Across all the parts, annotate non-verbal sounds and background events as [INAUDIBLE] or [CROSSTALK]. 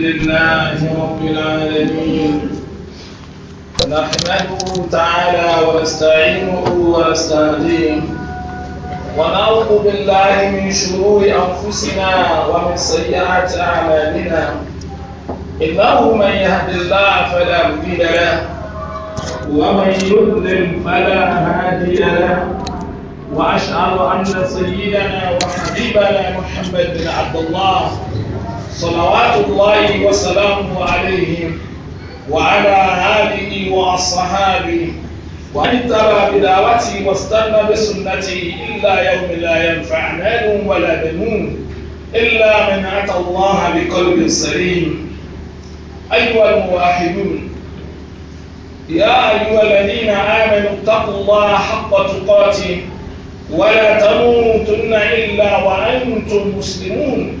لله رب العالمين نحمده تعالى ونستعينه ونستهديه ونعوذ بالله من شرور أنفسنا ومن سيئات أعمالنا إنه من يهد الله فلا مضل له ومن يضلل فلا هادي له واشهد ان سيدنا وحبيبنا محمد بن عبد الله صلوات الله وسلامه عليهم وعلى آله وأصحابه وأن اتبع بدعوته واستنى بسنته إلا يوم لا ينفع مال ولا بنون إلا من أتى الله بقلب سليم أيها الموحدون يا أيها الذين آمنوا اتقوا الله حق تقاته ولا تموتن إلا وأنتم مسلمون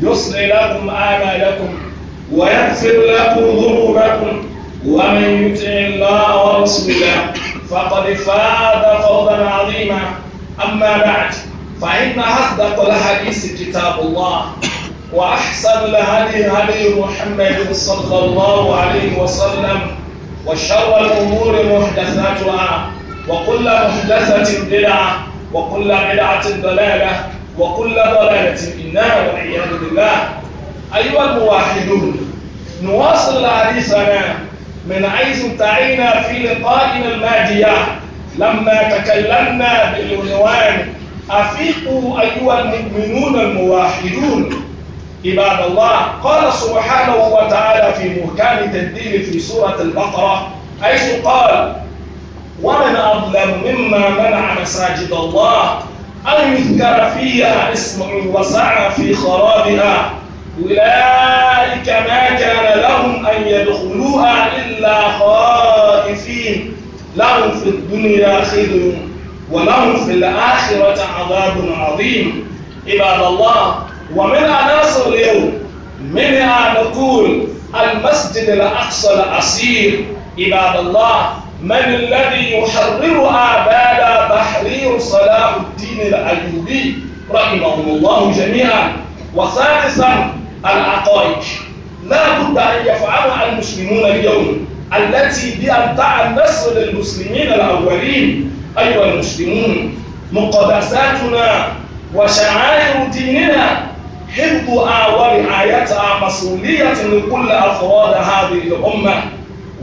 يصل لكم أعمالكم ويغفر لكم ذنوبكم ومن يطع الله ورسوله فقد فاز فوزا عظيما أما بعد فإن أصدق الحديث كتاب الله وأحسن الهدي هدي محمد صلى الله عليه وسلم وشر الأمور محدثاتها وكل محدثة بدعة وكل بدعة ضلالة وكل ضلالة إنها والعياذ بالله أيها الموحدون نواصل حديثنا من حيث تعينا في لقائنا الماضية لما تكلمنا بالعنوان أفيقوا أيها المؤمنون الموحدون عباد الله قال سبحانه وتعالى في محكم تدبير في سورة البقرة حيث قال ومن أظلم مما منع مساجد الله أن يذكر فيها اسم وسعى في خرابها أولئك ما كان لهم أن يدخلوها إلا خائفين لهم في الدنيا خزي ولهم في الآخرة عذاب عظيم عباد الله ومن عناصر اليوم منها نقول المسجد الأقصى الأصيل عباد الله من الذي يحرر أعباد تحرير صلاح الدين الايوبي رحمهم الله جميعا وسادسا العقائد لا بد ان يفعلها المسلمون اليوم التي بأن النصر للمسلمين الاولين ايها المسلمون مقدساتنا وشعائر ديننا حفظها ورعايتها مسؤوليه لكل افراد هذه الامه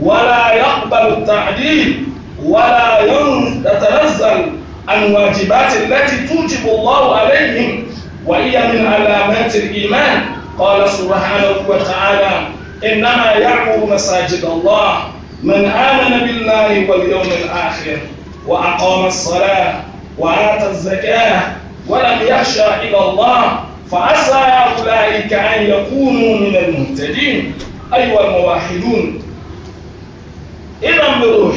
ولا يقبل التعديل ولا يتنزل عن واجبات التي توجب الله عليهم وهي من علامات الإيمان قال سبحانه وتعالى إنما يعمر مساجد الله من آمن بالله واليوم الآخر وأقام الصلاة وآتى الزكاة ولم يخشى إلى الله فعسى أولئك أن يكونوا من المهتدين أيها الموحدون إذا بروح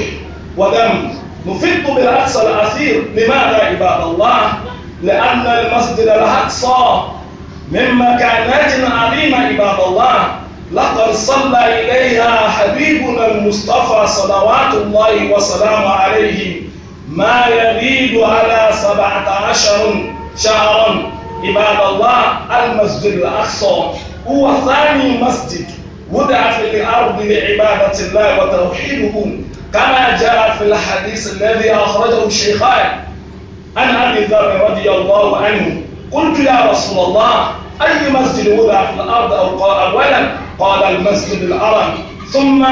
ودم نفد بالأقصى الأثير لماذا عباد الله؟ لأن المسجد الأقصى من مكانات عظيمة عباد الله لقد صلى إليها حبيبنا المصطفى صلوات الله وسلامه عليه ما يزيد على سبعة عشر شهرا عباد الله المسجد الأقصى هو ثاني مسجد وضع في الأرض لعبادة الله وتوحيده كما جاء في الحديث الذي أخرجه الشيخان عن أبي ذر رضي الله عنه قلت يا رسول الله أي مسجد وضع في الأرض أو قال أولا قال المسجد الأرم ثم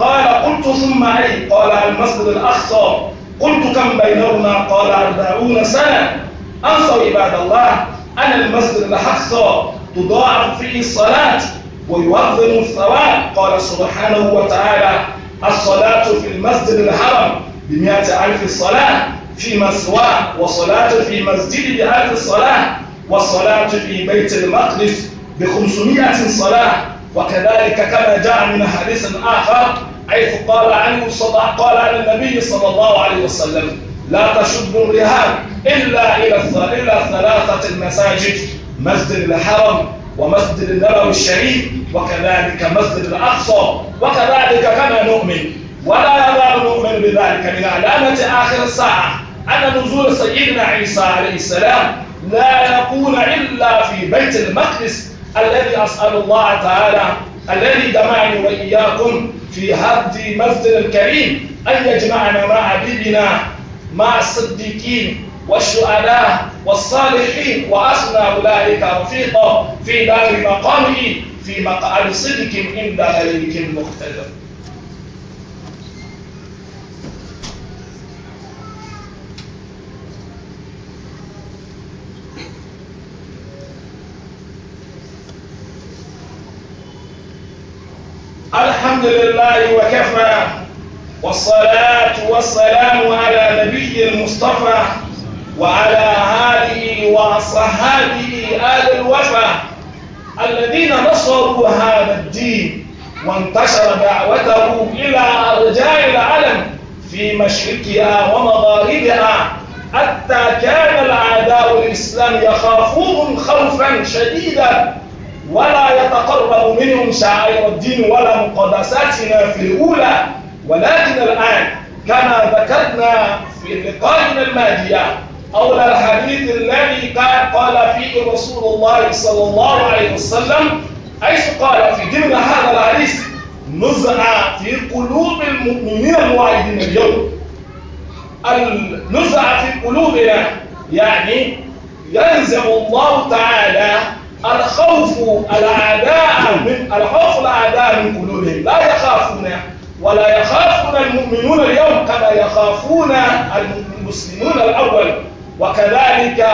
قال قلت ثم أي قال المسجد الأقصى قلت كم بينهما قال أربعون سنة أنصوا عباد الله أنا المسجد الأقصى تضاعف فيه الصلاة ويعظم الثواب قال سبحانه وتعالى الصلاة في المسجد الحرم بمئة ألف صلاة في مسواه وصلاة في مسجد بألف صلاة والصلاة في بيت المقدس بخمسمائة صلاة وكذلك كما جاء من حديث آخر حيث قال عنه صلى قال عن النبي صلى الله عليه وسلم لا تشد الرهاب إلا إلى إلى ثلاثة المساجد مسجد الحرم ومسجد النبوي الشريف وكذلك مسجد الأقصى وكذلك كما نؤمن ولا يزال نؤمن بذلك من علامة آخر الساعة أن نزول سيدنا عيسى عليه السلام لا يكون إلا في بيت المقدس الذي أسأل الله تعالى الذي جمعني وإياكم في هذا المسجد الكريم أن يجمعنا مع أبينا مع الصديقين والشهداء والصالحين وحسن أولئك رفيقا في دار مقامه في مقعد صدق عند ملك مقتدر الحمد لله وكفى والصلاة والسلام على نبي المصطفى وعلى آله وأصحابه آل الوفا الذين نصروا هذا الدين وانتشر دعوته إلى أرجاء العالم في مشرقها ومغاربها حتى كان الأعداء الإسلام يخافون خوفا شديدا ولا يتقرب منهم شعائر الدين ولا مقدساتنا في الأولى ولكن الآن كما ذكرنا في لقائنا الماضي أو الحديث الذي قال قال فيه رسول الله صلى الله عليه وسلم حيث قال في ضمن هذا الحديث نزع في قلوب المؤمنين الواعدين اليوم نزع في قلوبنا يعني ينزع الله تعالى الخوف الاعداء من الخوف الاعداء من قلوبهم لا يخافون ولا يخافون المؤمنون اليوم كما يخافون المسلمون الاول وكذلك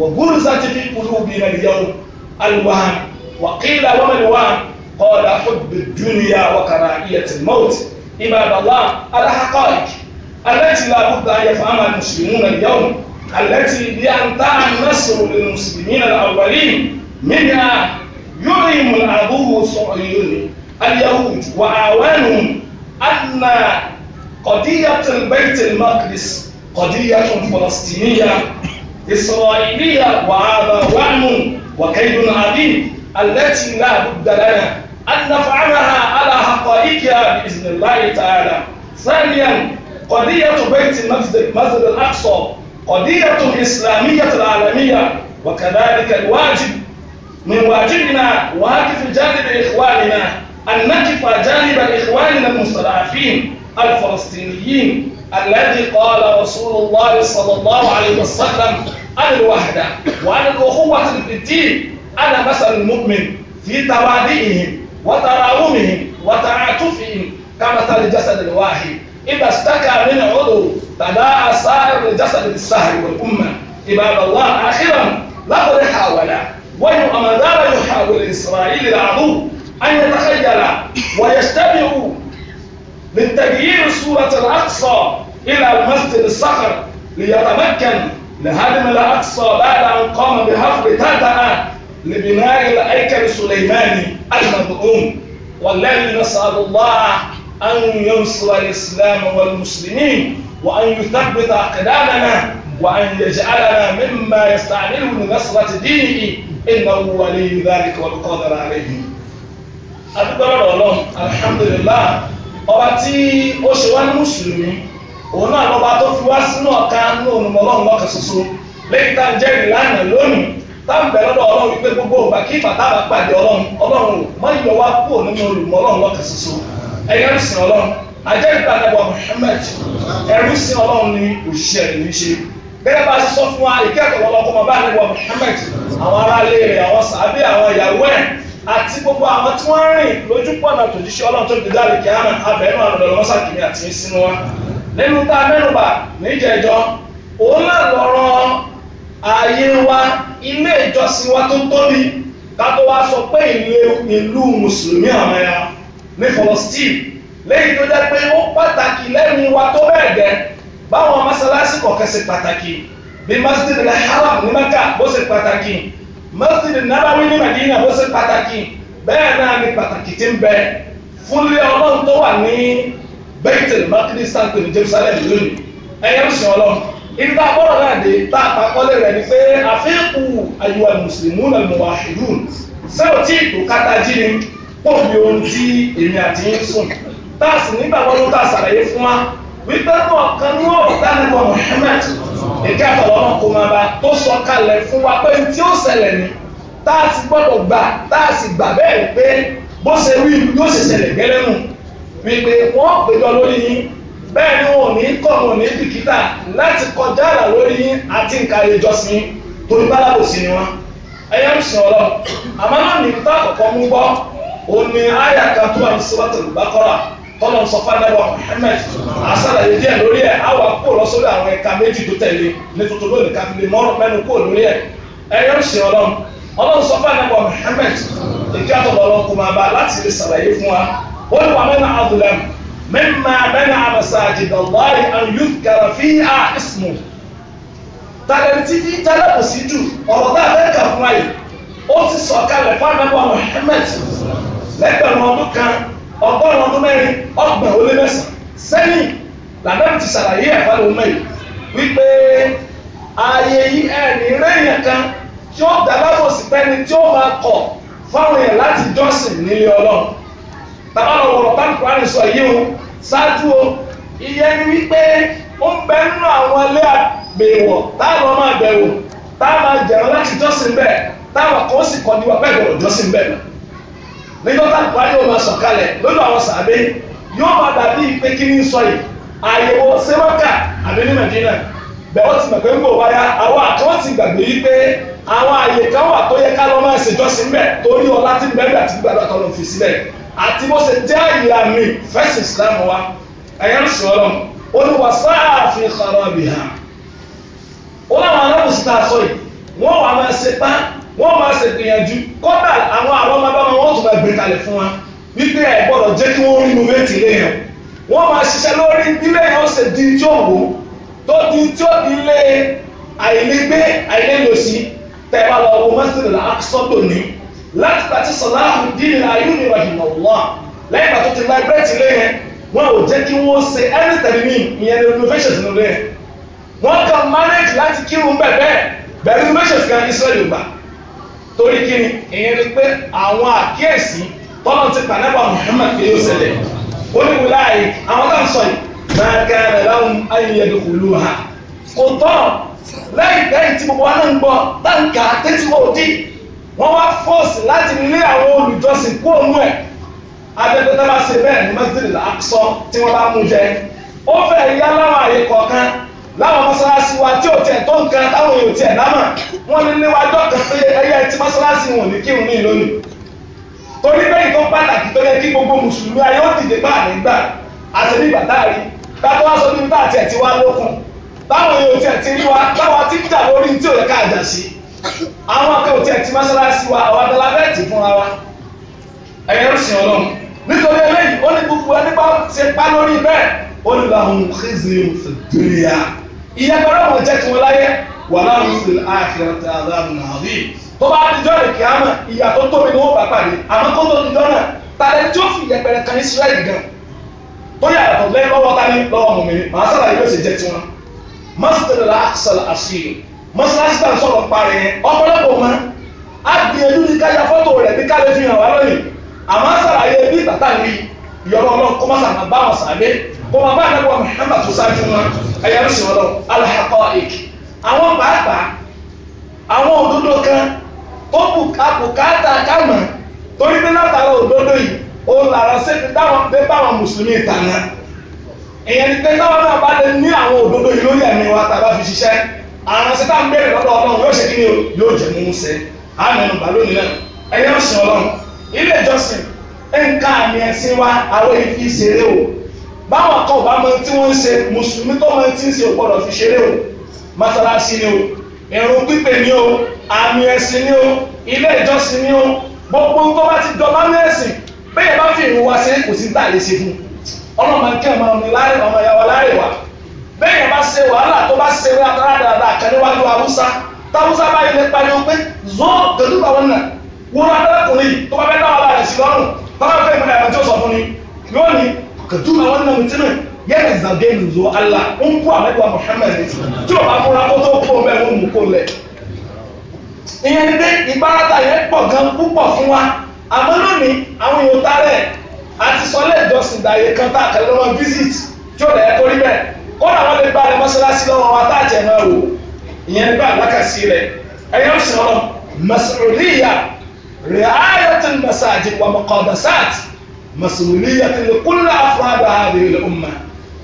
وبرزت في قلوبنا اليوم الوهم وقيل وما الوهم؟ قال حب الدنيا وكراهية الموت عباد الله الحقائق التي لا بد أن يفهمها المسلمون اليوم التي بأنتها النصر للمسلمين الأولين منها يعلم العدو الصهيوني اليهود وأعوانهم أن قضية البيت المقدس قضية فلسطينية إسرائيلية وهذا وهم وكيد عظيم التي لا بد لنا أن نفعلها على حقائقها بإذن الله تعالى ثانيا قضية بيت المسجد الأقصى قضية إسلامية العالمية وكذلك الواجب من واجبنا واقف جانب إخواننا أن نقف جانب إخواننا المستضعفين الفلسطينيين الذي قال رسول الله صلى الله عليه وسلم عن الوحدة وعن الأخوة في الدين أنا مثل المؤمن في توادئهم وتراومهم وتعاطفهم كمثل الجسد الواحد إذا اشتكى من عضو تداعى سائر الجسد بالسهر والأمة عباد الله آخرا لقد حاول وما دام يحاول إسرائيل العدو أن يتخيل ويجتمعوا من تغيير صورة الأقصى إلى المسجد الصخر ليتمكن لهدم الأقصى بعد أن قام بحفر تدعى لبناء الهيكل السليماني المدعوم والذي نسأل الله أن ينصر الإسلام والمسلمين وأن يثبت أقدامنا وأن يجعلنا مما يستعمله لنصرة دينه إنه ولي ذلك والقادر عليه. الحمد لله ọba tí ó ṣe wá ní mùsùlùmí òun náà lọ́ba tó fi wá sínú ọ̀ka ní òmùmọ̀ ọlọ́run lọ́kàn ṣoṣo lẹ́yìn tá à ń jẹ́rìí lánàá lónìí tá à ń bẹ̀ lọ́dọ̀ ọlọ́run wípé gbogbo ògbà kí bàtà bá pàdé ọlọ́run ọlọ́run ò má yọ wá kúrò nínú olùmọ̀ ọlọ́run lọ́kàn ṣoṣo ẹ̀yẹ́ ń sìn ọlọ́run ajẹ́rìí tá àdàbọ̀ Muhammad ẹ̀rú sìn ọlọ́run ni òṣìṣẹ́ rẹ̀ ní ṣe gẹ́gẹ́ bá a ṣe sọ fún wa ìkẹ́kọ̀ọ́ ọlọ́kọ́ máa bá àdàbọ̀ Muhammad àwọn aráalé rẹ̀ àwọn sàábì àwọn ìyàwó ẹ̀ àti gbogbo àwọn tí wọ́n rìn lójú pọ̀nà tòjíṣẹ́ ọlọ́run tó fi dáre kí á náà abẹ́nú àrùn lọ́wọ́ sàkíní àti sínú wa nínú tá a mẹ́nubà níjẹ̀jọ́ òun náà lọ́rọ̀ ààyè wa ilé ìjọsìn wa tó tóbi ká tó wá sọ pé ìlú mùsùlùmí àwọn ẹ̀yà ní Palestine lẹ́yìn tó jẹ́ pé ó pàtàkì lẹ́nu wa tó bẹ́ẹ̀ gẹ́ báwọn mọ́sálásí kọ̀ọ̀kan ṣe pàtàkì bí Masjid al bó ṣe pàtàkì mọ́sídìí nábàáwí ní Madina bó ṣe pàtàkì bẹ́ẹ̀ náà ni pàtàkì ti ń bẹ fúnlé ọlọ́run tó wà ní Baitul Maqdis santo ní Jerusalem lónìí ẹ̀yẹ́ ń sìn ọlọ́run ìgbà bọ́rọ̀ náà dé tá a pàkọ́lé rẹ̀ ni pé àfẹ́kù àyùwà mùsùlùmí náà mọ̀ àṣìlùm ṣé ò tí ìtò kátà jí ni pòbí ohun tí èmi àti yín sùn tá a sì nígbàgbọ́ ló ta ṣàlàyé fún wa wípé náà kan ní ọ̀rọ̀ ìkẹ́ àtọ̀lọ́nà kó máa bá tó sọ kalẹ̀ fún wa pé tí ó ṣẹlẹ̀ ni tá a ti gbọ́dọ̀ gbà tá a sì gbà bẹ́ẹ̀ pé bó ṣe wí yóò ṣe ṣẹlẹ̀ gẹ́lẹ́ nù wípé wọ́n péjọ lórí yín bẹ́ẹ̀ ni wọn ò ní kọ̀ wọn ò ní bìkítà láti kọjá àlà lórí yín àti nǹkan ìjọsìn torí bálábòsí ni wọn ẹyẹ ń sìn ọlọ àmọ́ náà ní tá àkọ́kọ́ mú gbọ́ òun ni àyà kan tó wà ní sọ́wọ́tò Baqara tọ́lọ́ sọ fáńdàbọ̀ Muhammad àṣàlàyé díẹ̀ lórí ẹ̀ á wà kó lọ sórí àwọn ẹ̀ka méjì tó tẹ̀lé ní tuntun lónìí ká fi lè mọ́rọ̀ mẹ́nu kó lórí ẹ̀ ẹ̀yọ́ ìṣe ọlọ́run ọlọ́run sọ fáńdàbọ̀ Muhammad ìdí àtọ̀bọ̀ ọlọ́run kò máa bá láti lè ṣàlàyé fún wa wọ́n wà mẹ́nà àdùlẹ̀m mẹ́mà mẹ́nà àmàṣàjì dọ̀láì àyùd kàràfí à ìsmù tàlẹ́ntì ní tẹ́lẹ̀kùsí jù ọ̀rọ̀ náà fẹ́ kà fún wa yìí ó ti sọ̀kalẹ̀ fáńdàbọ̀ Muhammad lẹ́gbẹ̀rún ọdún kan ọgọ́rùn ọdún mẹ́rin ọgbọ̀n ó lé mẹ́sàn sẹ́yìn lànà ti ṣàlàyé ẹ̀fà ló mẹ́rin wípé ààyè yìí ẹ̀ní rẹ́yìn kan tí ó dá lábòsí pẹ́ni tí ó máa kọ̀ fáwọn èèyàn láti jọ́sìn nílé ọlọ́run bàbá lọ wọ̀rọ̀ bá kúránì sọ yìí o ṣáájú o ìyẹn ni wípé ó ń bẹ nínú àwọn ilé àgbèwọ̀ táwọn máa bẹ̀wò táwọn máa jẹ̀rọ láti jọ́sìn bẹ́ẹ̀ táwọn kan ó sì kọ́ níwà bẹ́ẹ̀ gbọ́dọ̀ jọ́sìn bẹ́ẹ̀ náà nígbà tá àgbà yóò máa sọ̀kalẹ̀ lọ́dọ̀ àwọn sàbẹ yóò máa dàbí pé kí ni sọ yìí àyẹ̀wò sẹ́wọ́kà àbí ní Mẹ̀dínà bẹ́ẹ̀ wọ́n ti mọ̀ pé ń bò wáyà àwọn àtúwọ́n ti gbàgbé yìí pé àwọn àyè kan wà tó yẹ ká lọ́ máa ṣèjọ́sìn bẹ́ẹ̀ torí ọlá ti bẹ́ẹ̀ àti gbàgbà tó lọ́n fi sílẹ̀ àti bó ṣe jẹ́ àyè àmì fẹ́sì Islam wa ẹ̀yẹ́ ń sọ̀rọ̀ olùwà sáà fi kọ̀rọ̀ bì hàn ó tá a sọ yìí wọ́n wà máa ṣe pa wọ́n máa ṣègbìyànjú kọ́dà àwọn àwọn ọmọ bá wọn tún máa gbé kalẹ̀ fún wa wípé ẹ̀ gbọ́dọ̀ jẹ́ kí wọ́n renovate ilé yẹn wọ́n máa ṣiṣẹ́ lórí ilé yẹn ó ṣe di tí ó wò tó di tí ó di ilé àìlégbé àìlélòsí tẹ̀ bá lọ wo mọ́sílẹ̀ làásọ́dọ̀ ní láti pàtí sọ̀láhùn dínì ayúni rahimahullah lẹ́yìn pàtó ti láìpẹ́ẹ̀tì ilé yẹn wọn ò jẹ́ kí wọ́n ṣe anything ní ìyẹn renovations nílé yẹn wọ́n kàn manage láti kírun bẹ́ẹ̀ bẹ́ẹ̀ bẹ́ẹ̀ renovations kan Israel ò gbà torí kí ni ìyẹn ni pé àwọn àkíyèsí tọ́lọ́ ti pàdánù Muhammad kì yóò ṣẹlẹ̀ ó ní wùlá yìí àwọn náà sọ yìí máa ká ẹ̀ láwọn ayẹyẹ olú ha kò tọ́ lẹ́yìn lẹ́yìn tí gbogbo wa náà ń gbọ́ táǹkà tẹ́tí òdì wọ́n wá fọ́ọ̀sì láti lé àwọn olùjọsìn kú òun ẹ̀ adẹ́gbẹ́tà bá ṣe bẹ́ẹ̀ ní Masjid al-Aqsa tí wọ́n bá mú jẹ ó fẹ́ yá láwọn àyè kọ̀ọ̀kan láwọn mọ́sálásí wa tí ò tiẹ̀ tó nǹkan táwọn èèyàn tiẹ̀ dámà wọ́n ní níwájọ́ kan pé ẹyẹ tí mọ́sálásí wọn ò ní kírun ní lónìí torí bẹ́ẹ̀ tó pàtàkì tó yẹ kí gbogbo mùsùlùmí ayé ó dìde bá nígbà àti nígbà táàrí káàtó wá sọ nígbà tí ẹ̀ ti wá lókun táwọn èèyàn tiẹ̀ ti rí wa táwọn ti ń jà lórí tí ò yẹ ká àjà sí àwọn akẹ́wò tiẹ̀ ti mọ́sálásí wa àwọn adalabẹ́ẹ̀tì fúnra wa ẹ̀yẹ́ ń sìn ọlọ́run nítorí eléyìí ó ní gbogbo ẹni bá ṣe pa lórí bẹ́ẹ̀ ó ní làwọn kìí ṣe òfin dúnìyà ìyẹ́pẹ́ ọlọ́run jẹ́ tiwọn láyé wà láwọn ìsìn àfihàn aláàbùnà àbí tó bá dijọ́ rẹ̀ kí á mọ̀ ìyà tó tóbi ni wọ́n bá pàdé àmọ́ kó tó dijọ́ náà tàlẹ́ tí ó fi ìyẹ́pẹ̀rẹ̀ kan Ísírẹ́lì gan tó yà yàtọ̀ lẹ́yìn lọ́wọ́ tani lọ́wọ́ mọ̀mí màá sábà yóò ṣe jẹ́ tiwọn. masjid al-aqsal asiri masalasi tà ń sọ̀rọ̀ parí ọ̀pọ̀lọpọ̀ mọ́ agbìyànjú ni kájà fọ́tò rẹ̀ bí kálẹ̀ fi hàn wá lónìí àmọ́ sábà yẹ bí tàtà rí ìyọ̀rọ̀ ọlọ́run kọ́mọ́sà náà bá wọn sàbẹ̀ ọmọ bá àdàbọ̀ Muhammad tó ṣáájú wọn ẹ̀yà ló sì wọn lọ al-haqa'iq àwọn pàápàá àwọn òdodo kan ó bù àbùkátà kàmọ́ torí pé látara òdodo yìí ó lára sẹ́ni táwọn pé báwọn mùsùlùmí ìtànà ìyẹn ni pé táwọn náà bá lè ní àwọn òdodo yìí lórí ẹ̀mí wa tàbá fi ṣiṣẹ́ àwọn sí táwọn bẹ̀rẹ̀ lọ́dọ̀ ọlọ́run yóò ṣe kí ni yóò jẹ́ mímú sẹ́ àmì bàlónì náà ẹ̀yẹ́ ń ọlọ́run ilé ìjọsìn nǹkan àmì ẹ̀sìn wa àwọn èyí fi o báwọn kan bá mọ tí wọ́n ń ṣe mùsùlùmí tó mọ tí ń ṣe ògbọ́dọ̀ fi ṣeré o mọ́sálásí ni o ìrun pípè ni o àmì ẹ̀sìn ni o ilé ìjọsìn ni o gbogbo tó bá ti dọ̀bá ní ẹ̀sìn bẹ́ẹ̀ bá fi ìrun wa ṣe kò sí ń tàlé ṣe fún ọlọ́mọ kí ọmọ mi láre ọmọ ìyàwó láre wa bẹ́ẹ̀ bá ṣe wàhálà tó bá ṣe rádaràdà kan níwájú haúsá táwùsá bá ilé pariwo pé zọ́ gẹ̀dúgbà wọn náà wúrọ̀ adárakùnrin tó bá fẹ́ dáwọ́ láàrin sí lọ́rùn tó bá fẹ́ ìmọ̀lẹ̀ àbẹ̀tí ó sọ fún ni yóò ní ka duba wannan mutumin yana zage ni zo Allah in ku Ahmadu Muhammad tí o bá fura kó tó kó bẹ́ẹ̀ ló mú kó lẹ̀. ìyẹn dé ìbárata yẹn pọ̀ gan púpọ̀ fún wa àmọ́ lónìí àwọn èèyàn ta rẹ̀ àti sọlẹ̀ ìjọsìn ìdàyè kan tá a kẹ́lẹ́ lọ́wọ́ visit tí ó lẹ̀ kó rí bẹ́ẹ̀ kódà wọn lè balẹ̀ mọ́ṣáláṣí lọ́wọ́ wa tá a jẹ̀ náà wò ìyẹn bá alákàsí rẹ̀ ẹ̀yẹ́ ń sọ̀rọ̀ masuriyya ri'ayatul masajid wa maqadasat masuliyatin li kulli afrad hadhihi al-umma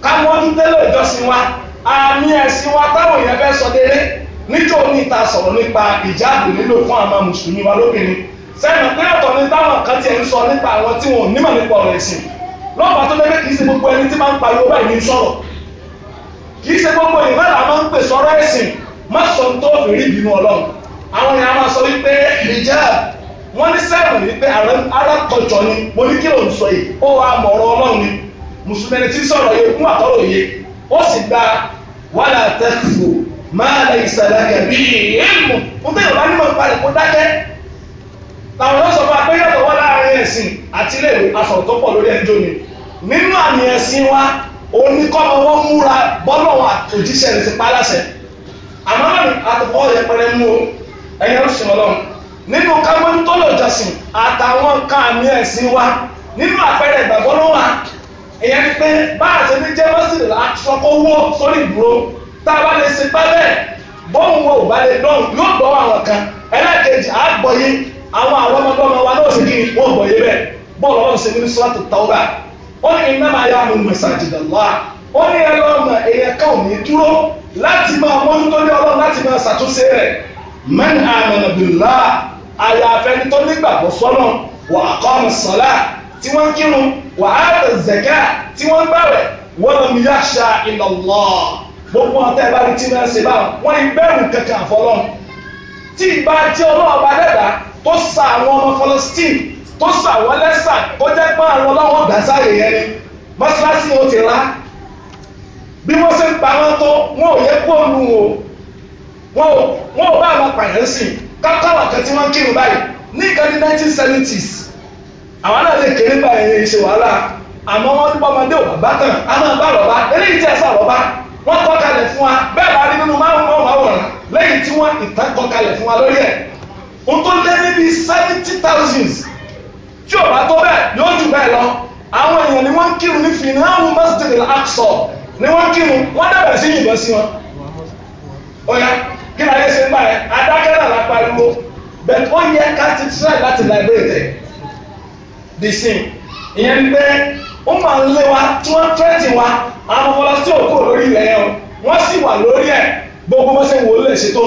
káwọn ọdún tẹ́lẹ̀ ìjọsìn wa àmì ẹ̀sìn wa táwọn èèyàn fẹ́ sọ délé níjọ́ ní ta sọ̀rọ̀ nípa ìjáàbù nílò fún àwọn mùsùlùmí wa lóbìnrin sẹ́yìn pé ọ̀tọ̀ ni táwọn kan tiẹ̀ ń sọ nípa àwọn tí wọn ò nímọ̀ nípa ọ̀rọ̀ ẹ̀sìn lọ́pàá tó lẹ́gbẹ́ kì í ṣe gbogbo ẹni tí máa ń pariwo báyìí ní sọ̀rọ̀ kì í ṣe gbogbo ìwé là máa ń pè sọ̀rọ̀ ẹ̀sìn má sọ tó fèrè ìbínú ọlọ́run àwọn èèyàn máa wípé ìjáàbù wọ́n ní sẹ́ẹ̀mù ní pé arákọ̀jọ ni mo ní kí lòun sọ yìí ó wà mọ̀ ọ̀rọ̀ ọlọ́run ni mùsùlùmí ẹni tí ń sọ̀rọ̀ yìí fún àtọ́rọ̀ yìí ó sì gba wàhálà tẹ́kùfù máa lè ìsàlákẹ̀ bí ìhìnmù fún tẹ́yìn ọ̀bá nímọ̀ ìpalẹ̀ kó dákẹ́ làwọn lọ́sọ fún apẹ́yàtọ̀ wá láàrin ẹ̀sìn àti ilé ìwé asọ̀rọ̀ tó pọ̀ lórí ẹjọ́ ni nínú àmì ẹ̀sìn wa oníkọ́mọ wọn múra bọ́lọ̀ àtòjíṣẹ́ ti pa láṣẹ àmọ́ àtọ̀kọ́ yẹpẹrẹ mú ẹ̀yẹ́ ń sìn ọlọ́run nínú kámọ́nú tó lò jọsìn àtàwọn kan àmì ẹ̀sìn wa nínú àpẹẹrẹ ìgbàgbọ́ ló wà èyàn ni pé bá a ṣe ní jẹ́ mọ́sílì aṣọ kó wó sórí ìdúró tá a bá lè ṣe pálẹ̀ bóun wo ò bá lè lọ́hùn yóò gbọ́ àwọn kan ẹlẹ́ẹ̀kejì á gbọ́yé àwọn àwọn ọmọdọ́mọ wa náà sì kí ni wọ́n gbọ́yé bẹ́ẹ̀ bọ́ọ̀lù ọlọ́run ṣe nínú sọ́ọ̀tù tọ́wọ́bà ó ní iná máa yá àwọn mẹ̀sàgìdà lọ́wọ́ ó ní ẹlọ́mọ èyàn kan ò ní dúró láti máa mọ́tò lé ọlọ́run láti máa ṣàtúnṣe rẹ̀ mẹ́ni àmàlà bìlá àyàfẹ́ ni tó nígbàgbọ́ sọ́nà wà á kọ́ ọmọ sọ́lá tí wọ́n kírun wà á lè zẹ̀ká tí wọ́n gbàwẹ̀ wọ́n lọ́mú yáṣà ìlọ́lọ́ gbogbo ọ̀tẹ́ bá rí tí wọ́n ṣe báwọn wọ́n ń bẹ̀rù kankan fọlọ́n tí ìbá jẹ́ ọlọ́run bá dẹ́gbà tó sa àwọn ọmọ fọlọ́sítìn tó sa àwọn lẹ́sà tó jẹ́ pé àwọn ọlọ́wọ́ gbàsáyè yẹn ni mọ́ṣáláṣí ó ti rá bí wọ́n ṣe ń pa wọ́n tó wọn ò yẹ kó nu wọn ò bá àwọn pààyàn kápá àwọn kan tí wọ́n kírun báyìí ní ìkànnì nineteen seventies àwọn náà lè kéré báyìí ní ìṣe wàhálà àmọ́ wọ́n ní pọ́mọdé ò bá tàn á máa bá rọ̀bá eléyìí tí ẹ sá rọ̀bá wọ́n kọ́ kalẹ̀ fún wa bẹ́ẹ̀ bá rí nínú márùn-ún àwòrán lẹ́yìn tí wọ́n ìtàn kọ́ kalẹ̀ fún wa lórí ẹ̀ n tó lé níbi seventy thousands tí ò bá tó bẹ́ẹ̀ yóò jù bẹ́ẹ̀ lọ àwọn èèyàn ni wọ́n kírun ní finahu Masjid al-Aqsa ni wọ́n kírun wọ́n dàbẹ̀ sí yìnbọn sí wọn kí ló dé ṣe ń bá yẹn adákẹ́ náà la pariwo bẹ́ẹ̀ ó yẹ ká ti try láti liberate the sin ìyẹn ń bẹ́ ó máa ń lé wa tí wọ́n tẹ́tì wa àwọn afọlásí òkú lórí rẹ̀ yẹn o wọ́n sì wà lórí ẹ̀ gbogbo bó ṣe wò ó lè ṣètò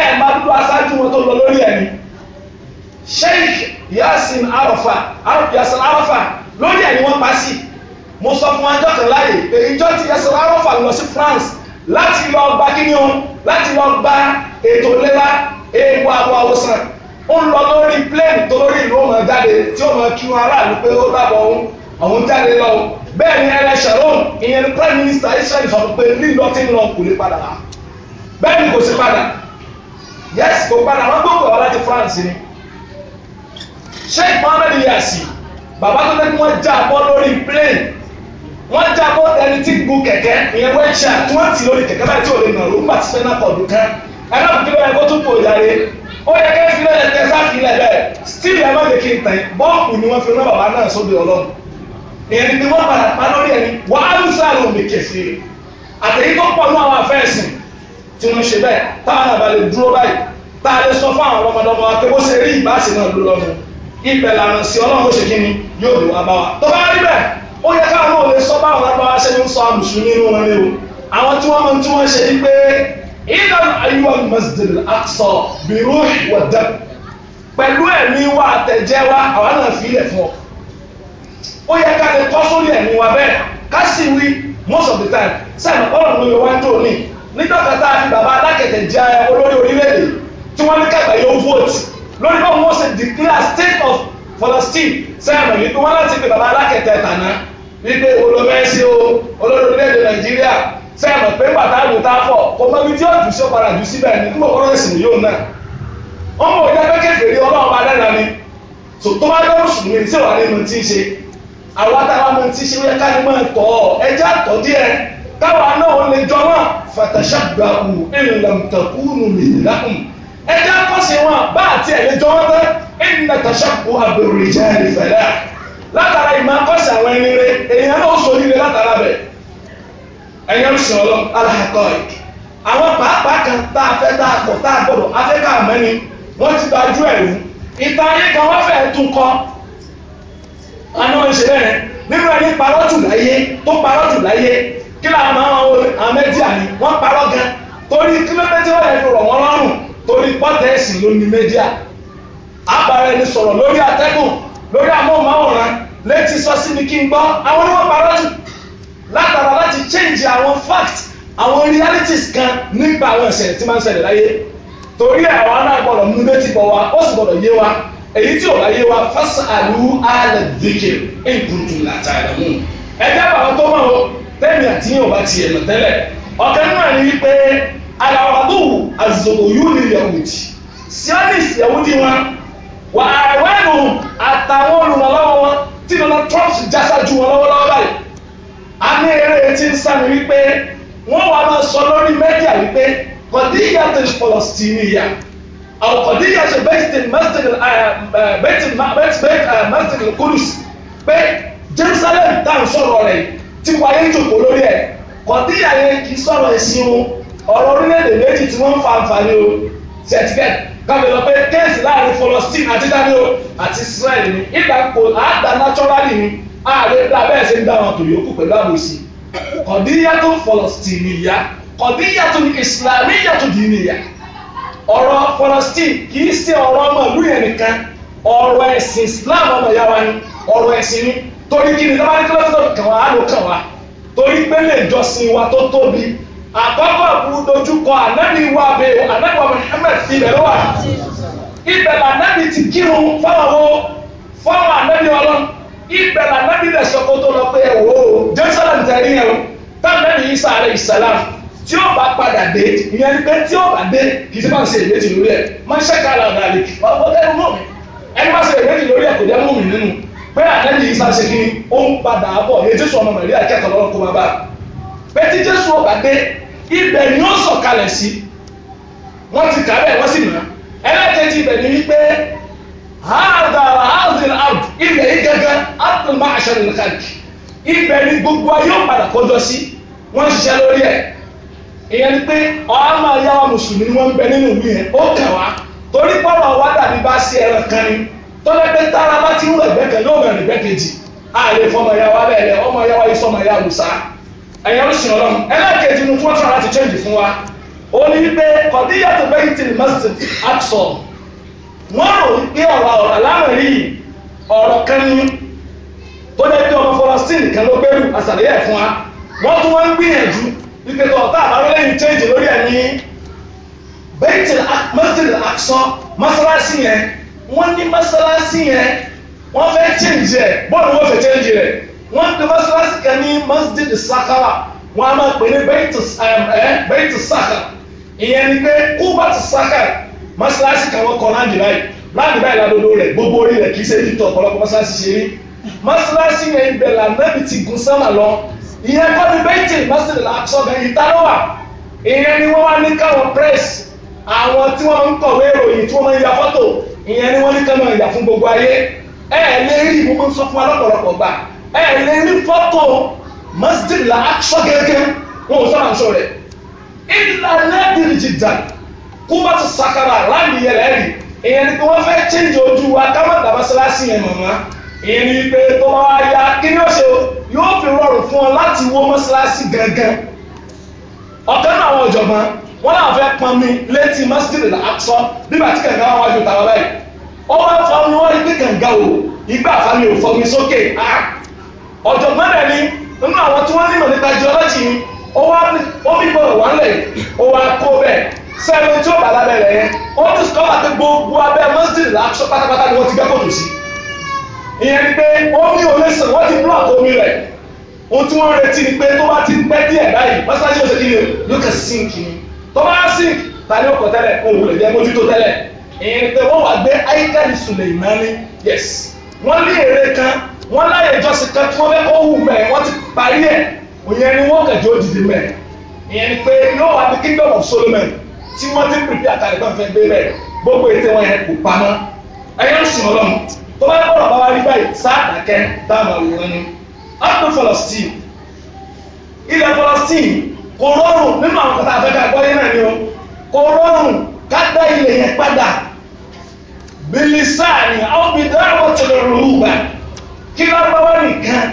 ẹ̀ máa dúró aṣáájú wọn tó lọ lórí ẹ̀ ni sheikh yasin arafa yasin arafa lórí ẹ̀ ni wọ́n pa sí mo sọ fún wa ọjọ́ kan láàyè èyí jọ́ ti yasin arafa lọ sí France láti lọ gba kíni o láti lọ gba ètò ìlera ewu àwọn awòsàn ó ń lọ lórí plẹ́ẹ̀nì tó lórí ìlú ọmọ jáde tí ó mọ kí wọn aráàlú pé ó dábọ̀ òun òun jáde lọ bẹ́ẹ̀ ni ẹrẹ Sharon ìyẹn prime minister Israel sọ pé lílọ tí ń lọ kò lè padà wá bẹ́ẹ̀ ni kò sí padà yes kò padà wọ́n gbogbo ọ̀rọ̀ láti France ni Sheikh Mohammed Yassi bàbá tó fẹ́ kí wọ́n já bọ́ lórí plẹ́ẹ̀nì wọ́n jábọ́ ẹni tí ń gun kẹ̀kẹ́ ìyẹn wẹ́ṣà tí wọ́n ti lórí kẹ̀kẹ́ báyìí tí ò lè nà ló ń gbà tí fẹ́ náà kọ̀ọ̀dù kan alábùkí bẹ́ẹ̀ kó tún kò yáre ó yẹ kẹ́ fi lẹ́yìn tẹ́ sáfì ilẹ̀ bẹ́ẹ̀ steve amáde kí n tẹ̀ bọ́ọ̀kù ni wọ́n fi rán bàbá náà sóde ọlọ́run ìyẹn ni wọ́n padà pa lórí ẹni wọ́n á lùsà ló ń bèkè sí i àtẹ̀yí tó pọ̀ náà àwọn afẹ́sìn tí wọ́n ṣe bẹ́ẹ̀ táwọn àbálẹ̀ dúró báyìí tá a lè sọ fún àwọn ọmọdọ́mọ wa pé bó ṣe rí ìbáṣe náà ló lọ́nu ibẹ̀ lànà sí ọlọ́run ó ṣe kí ni yóò lù wá bá wa tó bá rí bẹ́ẹ̀ ó yẹ káwọn náà lè sọ báwọn lábáwá ṣe ń sọ àmùsùn nínú wọn lé o àwọn tí wọ́n mọ tí wọ́n ṣe ni pé ìdá ayúwa masjid al-aqsa bìrú wọ̀dà pẹ̀lú ẹ̀mí wa àtẹ̀jẹ́ wa àwọn náà fi ilẹ̀ fún ọ ó yẹ ká lè kọ́ sórí ẹ̀mí wa bẹ́ẹ̀ ká sì wí most of the time sẹ́yìn ọ̀rọ̀ ló yẹ wá ń tó ní nígbà kàtà àfi bàbá alákẹ̀tẹ̀ jẹ́ olórí orílẹ̀-èdè tí wọ́n ní kẹ̀kẹ́ yóò vote lórí báwọn wọ́n ṣe declare state of Palestine sẹ́yìn ọ̀rọ̀ yìí wọ́n láti pe bàbá alákẹ̀tẹ̀ tàná wípé olómẹ́sí o olórílẹ̀-èdè nàìjíríà sẹ́ẹ̀mù pé bàtà àgùntà fọ̀ kò mọ ibi tí ó jù sí ọ̀padà jù síbẹ̀ ní kúrò kọ́rọ́ ìsìn yóò náà wọ́n mọ̀ ọjà pẹ́kẹ́ fèrè ọlọ́run bá dára ni tó bá dọ́rọ̀ sùn mí tí wà nínú tí ń ṣe àwọn àtàwọn ọmọ tí ń ṣe wíyá ká ní máa tọ̀ ọ́ ẹjẹ́ àtọ̀ díẹ̀ káwọn anáwó lè jọ náà fàtàṣà gbà kù ìlànàkùnù mìíràn ẹjẹ́ àkọ́sí wọn bá àti ẹ̀lẹ́jọ́ wọn tẹ́ ìlànàkùnù àbẹ̀rẹ̀ jẹ́ àlè fẹ́lẹ́ látara ìmọ̀ akọ́ṣẹ́ àwọn ẹni rẹ èèyàn náà sọ nílé látara bẹ̀ ẹ̀yàn sìn ọ́ lọ aláàtọ̀ ẹ̀ àwọn pàápàá kan tá a fẹ́ tá a pọ̀ tá a gbọ́dọ̀ afẹ́ká àmẹ́ni wọ́n ti gbajú ẹ̀rú ìta ayé kan wọ́n fẹ́ẹ́ tún kọ́ àná ìṣe bẹ́ẹ̀ nínú ẹni parọ́ jù láyé tó parọ́ jù láyé kí làwọn àwọn mẹ́díà ni wọ́n parọ́ gan torí kílómítì wọ́n yẹ fi rọ̀ wọ́n lọ́rùn torí pọ́tẹ́ẹ̀sì ló mẹ́díà àbára ẹni sọ̀rọ̀ lórí atẹ́gùn lórí amóhùnmáwòrán létí sọ sí mi kí n gbọ́ àwọn oníwọ̀n parọ́ jù látara láti change àwọn fact àwọn realities kan nípa àwọn ìṣẹ̀lẹ̀ tí máa ń ṣẹlẹ̀ láyé torí àwọn náà gbọ́dọ̀ mú létí bọ̀ wá ó sì gbọ́dọ̀ yé wa èyí tí ò bá yé wa fasalu ala dhikr in kuntum la ta'lamun ẹ̀dá àwọn tó mọ̀ tẹ́mi àti yín ò bá tiẹ̀ mọ̀ tẹ́lẹ̀ ọ̀kan náà ní pé alàwàdù àzòkòyú ni yahudi sionis yahudi wọn wà á wẹ́nu àtàwọn olùrànlọ́wọ́ wọn tí Donald Trump sì jásájú wọn lọ́wọ́lọ́wọ́ báyìí a ní eré tí ń sàmì wípé wọ́n wà máa sọ lórí mẹ́díà wípé kọ̀díyà tó pọ̀lọ̀ sí ní ìyá àwọn kọ̀díyà ṣe bẹ́tìl kudus pé Jerusalem tá à ń sọ̀rọ̀ rẹ̀ tí wáyé jòkó lórí ẹ̀ kọ̀díyà yẹn kì í sọ̀rọ̀ ẹ̀sìn o ọ̀rọ̀ orílẹ̀-èdè méjì tí wọ́n ń fa àǹfààní o certificate káfíń lọ pé kéèsì láàrin Palestine àti dání o àti Israel ni ìgbà kò àgbà naturally ni ààrẹ dá bẹ́ẹ̀ ṣe ń dá wọn tòyó kù pẹ̀lú àbòsí kọ̀díyàtò Palestiniya kọ̀díyàtò Islamiyàtò dìníyà ọ̀rọ̀ Palestine kì í ṣe ọ̀rọ̀ ọmọ ìlú yẹn nìkan ọ̀rọ̀ ẹ̀sìn Islam ọmọ ìyá wa ni ọ̀rọ̀ ẹ̀sìn ni torí kí ni lọ́wọ́ ní kílọ́tì lọ́dún kàn wá á lò kàn wá torí pé lè àkọ́kọ́ bu dojúkọ ànábì wa bẹ́ẹ̀ ànábì wa Muhammad ibẹ̀ ló wà ibẹ̀ lànábì ti kírun fáwọn wo fáwọn ànábì ọlọ́run ibẹ̀ lànábì lẹ̀ sọ́kótó lọ pé ẹ̀ wò ó Jerusalem tẹ̀lé yẹn o tábìlẹ́nì Isa alayhi salam tí ó bá padà dé ìyẹn pé tí ó bá dé kì í sí máa ń ṣe ìrètí lórí ẹ̀ máa ń ṣẹ́ka àlàdà àlè wọ́n bọ́ tẹ́lẹ̀ mọ́ mi ẹni máa ṣe ìrètí lórí ẹ̀ kò jẹ́ mú mi nínú pé ànábì Isa ṣe kí ó ń padà bọ̀ pé tí jésù ọba dé ibẹ̀ ni ó sọ̀kalẹ̀ sí wọ́n ti kà bẹ́ẹ̀ wọ́n sì mọ̀ ẹlẹ́kẹ̀ẹ́jì ibẹ̀ ni wípé hàdà hàdìl àrùd ibẹ̀ yìí gángan àtúntò máa ni gbogbo ayé ó padà kọjọ sí wọ́n ń ṣiṣẹ́ lórí ẹ̀ ìyẹn ni pé ọ̀hán máa wa mùsùlùmí ni wọ́n ń bẹ nínú yẹn ó kà wá torí pọ́nrọ̀ dàbí bá sí kan ni tọ́lẹ́ pé ti fọmọ ya bẹ́ẹ̀ ọmọ ya yìí fọmọ ya ẹ̀yẹ́ ó sìn ọlọ́run ẹlẹ́ẹ̀kejì ni wọ́n tún láti change fún wa ó ní wípé kọ̀díyàtò bẹ́ẹ̀tìlì mẹ́sìn àtọ̀ wọ́n rò wípé ọ̀rọ̀ ọ̀rọ̀ alámọ̀rí ọ̀rọ̀ kan ní tó jẹ́ pé ọmọ fọlọ́sìn kan ló gbẹ́rù àṣàlẹ́yẹ fún wa wọ́n tún wọ́n ń gbìyànjú wípé ọ̀tá àbárólẹ́yìn change lórí ẹ̀ ní bẹ́ẹ̀tìlì mẹ́sìn àkṣọ mọ́sálásí yẹn wọ́n ní mọ́sálásí yẹn wọ́n fẹ́ change rẹ̀ bọ́ọ̀lù wọ́n fẹ́ change rẹ̀ wọ́n kan mọ́sálásí kan ní masjid sakara wọ́n á máa pè ní bẹ́ẹ̀tì sakara ìyẹn ni pé kúbàtì sakara mọ́sálásí kan wọ́n kọ́ láǹdì báyìí láàbí báyìí ládòdò rẹ̀ gbogbo orí rẹ̀ kì í ṣe títọ̀ ọ̀pọ̀lọpọ̀ mọ́sálásí ṣe rí mọ́sálásí yẹn ń bẹ̀rẹ̀ ànábì ti gun sánmà lọ ìyẹn kọ́ ni bẹ́ẹ̀tì mọ́sálásí àṣọ̀gàn ìtàlọ́wà ìyẹn ni wọ́n wá ní káwọn press àwọn tí wọ́n ń kọ̀wé ìròyìn tí wọ́n máa ń ya fọ́tò ìyẹn ni wọ́n ní káwọn ìyà fún gbogbo ayé ẹ̀ lè rí sọ fún alọ́pọ̀lọpọ̀ gbà ẹ lè rí fọ́tò masjid la aṣọ gẹ́gẹ́ wọn ò sọ àǹṣọ rẹ̀ ìlànà ẹ̀dínlẹ̀ jìjà kó bá ti sàkàrà láàmì yẹlẹ̀ rí ìyẹn ni pé wọ́n fẹ́ change ojú wa káwọn dàbásílásì yẹn mọ̀mọ́ ìyẹn ni pé tó bá wá ya kí ni ó ṣe yóò fi rọrùn fún ọ láti wó mọ́sálásí gangan ọ̀kan náà àwọn ọ̀jọ̀gbọ́n wọn náà fẹ́ pọn mi létí masjid al-Aqsa bíbà tí kànga wọn wájú tàwọn báyìí ó máa fọ́ mi ò fọ́ mi sókè á ah! ọ̀jọ̀gbọ́n dẹ̀ ni nínú àwọn tí wọ́n nímọ̀ nípa geology ni ó wá ó bí gbọ́dọ̀ wá lẹ̀ ó wá kó bẹ́ẹ̀ sẹ́yìn tí ó bà lábẹ́rẹ̀ yẹn ó ti sọ́kọ́ àti gbogbo abẹ́ mọ́sítì láṣọ pátápátá ni wọ́n ti gbẹ́kọ̀ọ́ tù sí ìyẹn ni pé omi ò lè sàn wọ́n ti block omi rẹ̀ ohun tí wọ́n retí ni pé tó bá ti pẹ́ díẹ̀ báyìí mọ́sálásí ọ̀sẹ̀ kìíní ló kẹ́ sink ni tó bá sink tani ọkọ̀ tẹ́lẹ̀ òun lè jẹ́ mójútó tẹ́lẹ̀ ìyẹn ni pé wọ́n wá gbé Aikali Suleimani yes wọ́n ní èrè kan wọ́n láyè ìjọsìn kan tí wọ́n fẹ́ kó wù mẹ́ wọ́n ti parí ẹ̀ òyìn ẹni wọ́n kẹjọ òdìdí mẹ́ ìyẹn ni pé yóò wá ní kingdom of Solomon tí wọ́n ti pèpè àtàrí náà fẹ́ gbé rẹ̀ gbogbo ètò wọn yẹn kò pamọ́ ẹ̀yẹ́ ń sìn ọlọ́run tó bá gbọ́dọ̀ bá wá rí báyìí sáà dàkẹ́ dáàmú àwòrán ni after Palestine ilẹ̀ Palestine kò rọrùn nínú àwọn kàtà àfẹ́kà àgbáyé náà ni o kò rọrùn ká bilisani awobidawo tẹlẹrùlùgbà kí lọ́wọ́ nìkan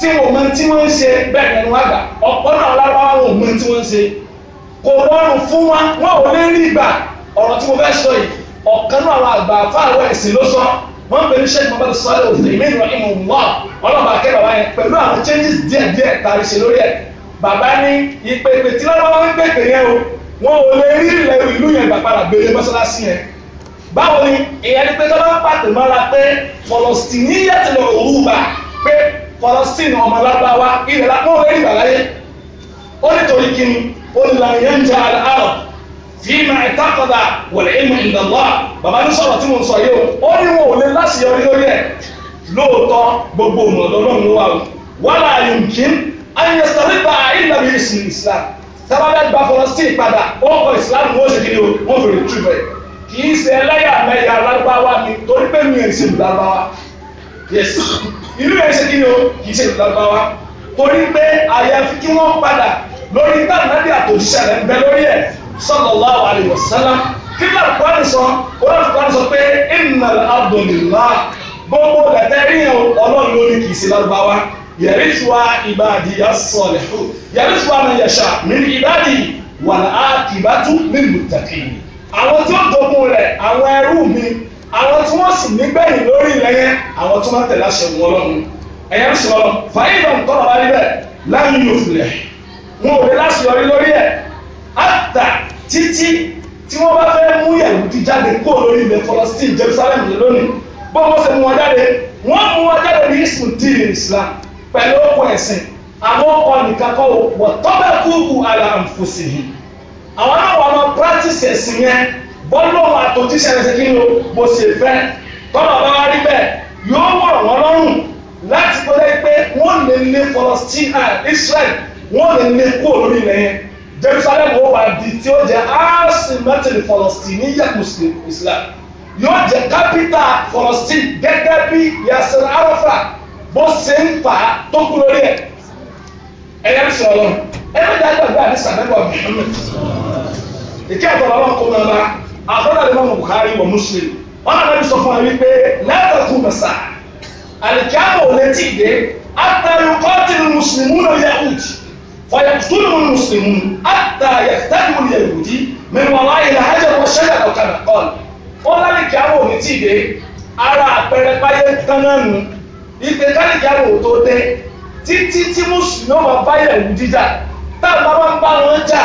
tí wọ́n mọ tí wọ́n ń ṣe bẹ́ẹ̀ ni wọ́n gbà ọ̀pọ̀ náà lọ́wọ́ wọn ò mọ tí wọ́n ń ṣe kò rọrùn fún wa wọn ò lè rí ìgbà ọ̀rọ̀ tí mo fẹ́ sọ yìí ọ̀kan náà àwọn àgbà fáwọn ẹ̀sìn ló sọ wọ́n ń bẹ̀rù sẹ́yìn bàbá sọ́ọ́lẹ̀ òfin ìmí ìrọ̀ ìmọ̀ wọ́ ọlọ́ba akẹ́ bàbá yẹn pẹ̀lú àwọn changes díẹ̀ díẹ̀ tàbí ṣe lórí ẹ̀ bàbá ní ìpèpè tí lọ́wọ́ wọn ń pèpè yẹn o wọn ò lè rí ìlú yẹn gbà padà béèrè mọ́ṣáláṣí yẹn báwo ni ìyẹn ni pé tọ́lá pàtó mọ́ra pé fọlọ́sìtìní yẹtì lọ òwú bá pé fọlọ́sìtìní ọmọ lágbàwá ilẹ̀ lápọ̀ lẹ́yìn ìgbàláyé ó ní torí kí ni ó ní làwọn yẹn ń jẹ àlọ́ fíìmà ìtàkọ̀dà wọ̀lẹ̀ ìmọ̀ ìdàgbà bàbá ní sọ̀rọ̀ tí mo sọ yìí o ó ní wọn ò lè láṣeyọrí lórí ẹ̀ lóòótọ́ gbogbo ọ̀nà lọ́nà wà kì í ṣe ẹlẹ́yàmẹ̀yà lágbáwá ni torí pé mi ò ṣe lágbáwá yes ìlú yẹn ṣe kí ni o kì í ṣe lágbáwá torí pé àyàfi kí wọ́n padà lórí tàbí àtòjíṣẹ́ rẹ̀ ń bẹ lórí ẹ̀ sallallahu alaihi wasallam kí náà kọ́ni sọ wọ́n fi kọ́ni sọ pé innal abdulilá gbogbo lẹ́tẹ̀rí yẹn ọlọ́run lórí kì í ṣe lágbáwá yẹ̀rìsùwà ìbàdí asọ̀lẹ̀fù yẹ̀rìsùwà náà yẹ̀ṣà min ìbàdí wàlá àkìbátú àwọn ẹrú mi àwọn tí wọ́n sì nígbẹ̀yìn lórí ilẹ̀ yẹn àwọn tí wọ́n tẹ̀lé àṣẹ wọn lọ́run ẹ̀yẹ́ ń sọ̀rọ̀ fàyínà ń tọ́ra wá níbẹ̀ láàyè yóò filẹ̀ wọn ò lè láṣeyọrí lórí ẹ̀ àtà títí tí wọ́n bá fẹ́ mú yàrá jáde kó lórí ilẹ̀ fọlọ́sítì Jerusalem lónìí bọ́ọ̀bọ́ ṣe mú wọn jáde wọ́n mú wọn jáde ní ismu díìlì Islam pẹ̀lú ọkọ̀ ẹ̀sìn àwọn ọkọ̀ nìkan kọ́ wọ́n tọ́bẹ̀ kúkú ara yìí àwọn náà wọ́n máa practice yẹn bọ́lọ́wọ́ àtòjíṣẹ́ rẹ̀ ṣe kí ni o mo ṣe fẹ́ tọ́lọ̀ bá wá rí bẹ́ẹ̀ yóò wọ̀ wọ́n lọ́rùn láti gbọ́dọ̀ pé wọ́n lè lé Palestine Israel wọ́n lè lé kú olórí ilẹ̀ yẹn Jerusalem ó wà di tí ó jẹ́ asimetric Palestine yẹ muslim Islam yóò jẹ́ capital Palestine gẹ́gẹ́ bí Yasser Arafat bó ṣe ń fà á tó kú lórí ẹ̀ ẹ̀yà ń sọ̀rọ̀ ẹ̀rọ ìdájọ́ àgbà àdìsàn mẹ́wàá Muhammad ìkẹ́ àtọ̀rọ̀ ọlọ́run kó máa bá a àkọ́lá lè máa Bukhari wọ Muslim wọn náà lè sọ fún wa wípé látàkùn mẹ́sà àlìkáàmù ò lè tí ì dé àtàrí kọ́tìlì mùsùlùmù náà yẹ kùtì fọyàtúlù mùsùlùmù àtàrí ẹ̀tàdùn yẹ kùtì mẹ́wàá láyé làhájẹ́ wọ́n ṣẹlẹ̀ ọ̀kadà kọ́ọ̀lù wọn náà àlìkáàmù ò lè tí ì dé ara àpẹẹrẹ báyẹ̀ tánánu ìpè kálíkàmù ò tó dé títí tí mùsùlùmù náà báyẹ̀ wù jíjà táwọn bá wọn bá wọn jà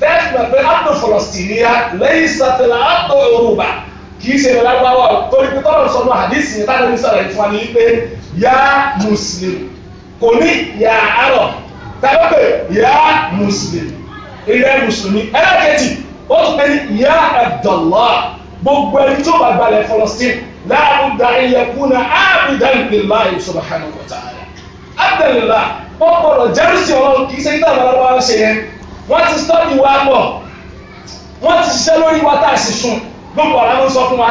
bẹ́ẹ̀ mọ̀ pé abdul fọlọ́sìtìníyà lẹ́yìn sàtìlà abdul yorùbá kì í ṣe ìrẹ̀lẹ̀ agbáwọ̀ torí pé tọ́lọ̀ sọ́nù àdìsí yẹn táwọn ẹni sọ̀rọ̀ ìfún wa ní pé yá muslim kò ní yá arọ̀ tàbí pé yá muslim ìrẹ́ mùsùlùmí ẹlẹ́kẹ̀tì ó tún pé ní yá abdullah gbogbo ẹni tó bá gbalẹ̀ fọlọ́sìtìn láàrú dàríyẹkúnà ábìdánilélá subhanahu wa ta'ala abdullah ó gbọ́dọ̀ jẹ́rìsì ọlọ́run kì í ṣe ní wọ́n ti stọ́ọ̀dì wa pọ̀ wọ́n ti ṣiṣẹ́ lórí wa tá a sì sùn gbogbo ọ̀la ló ń sọ fún wa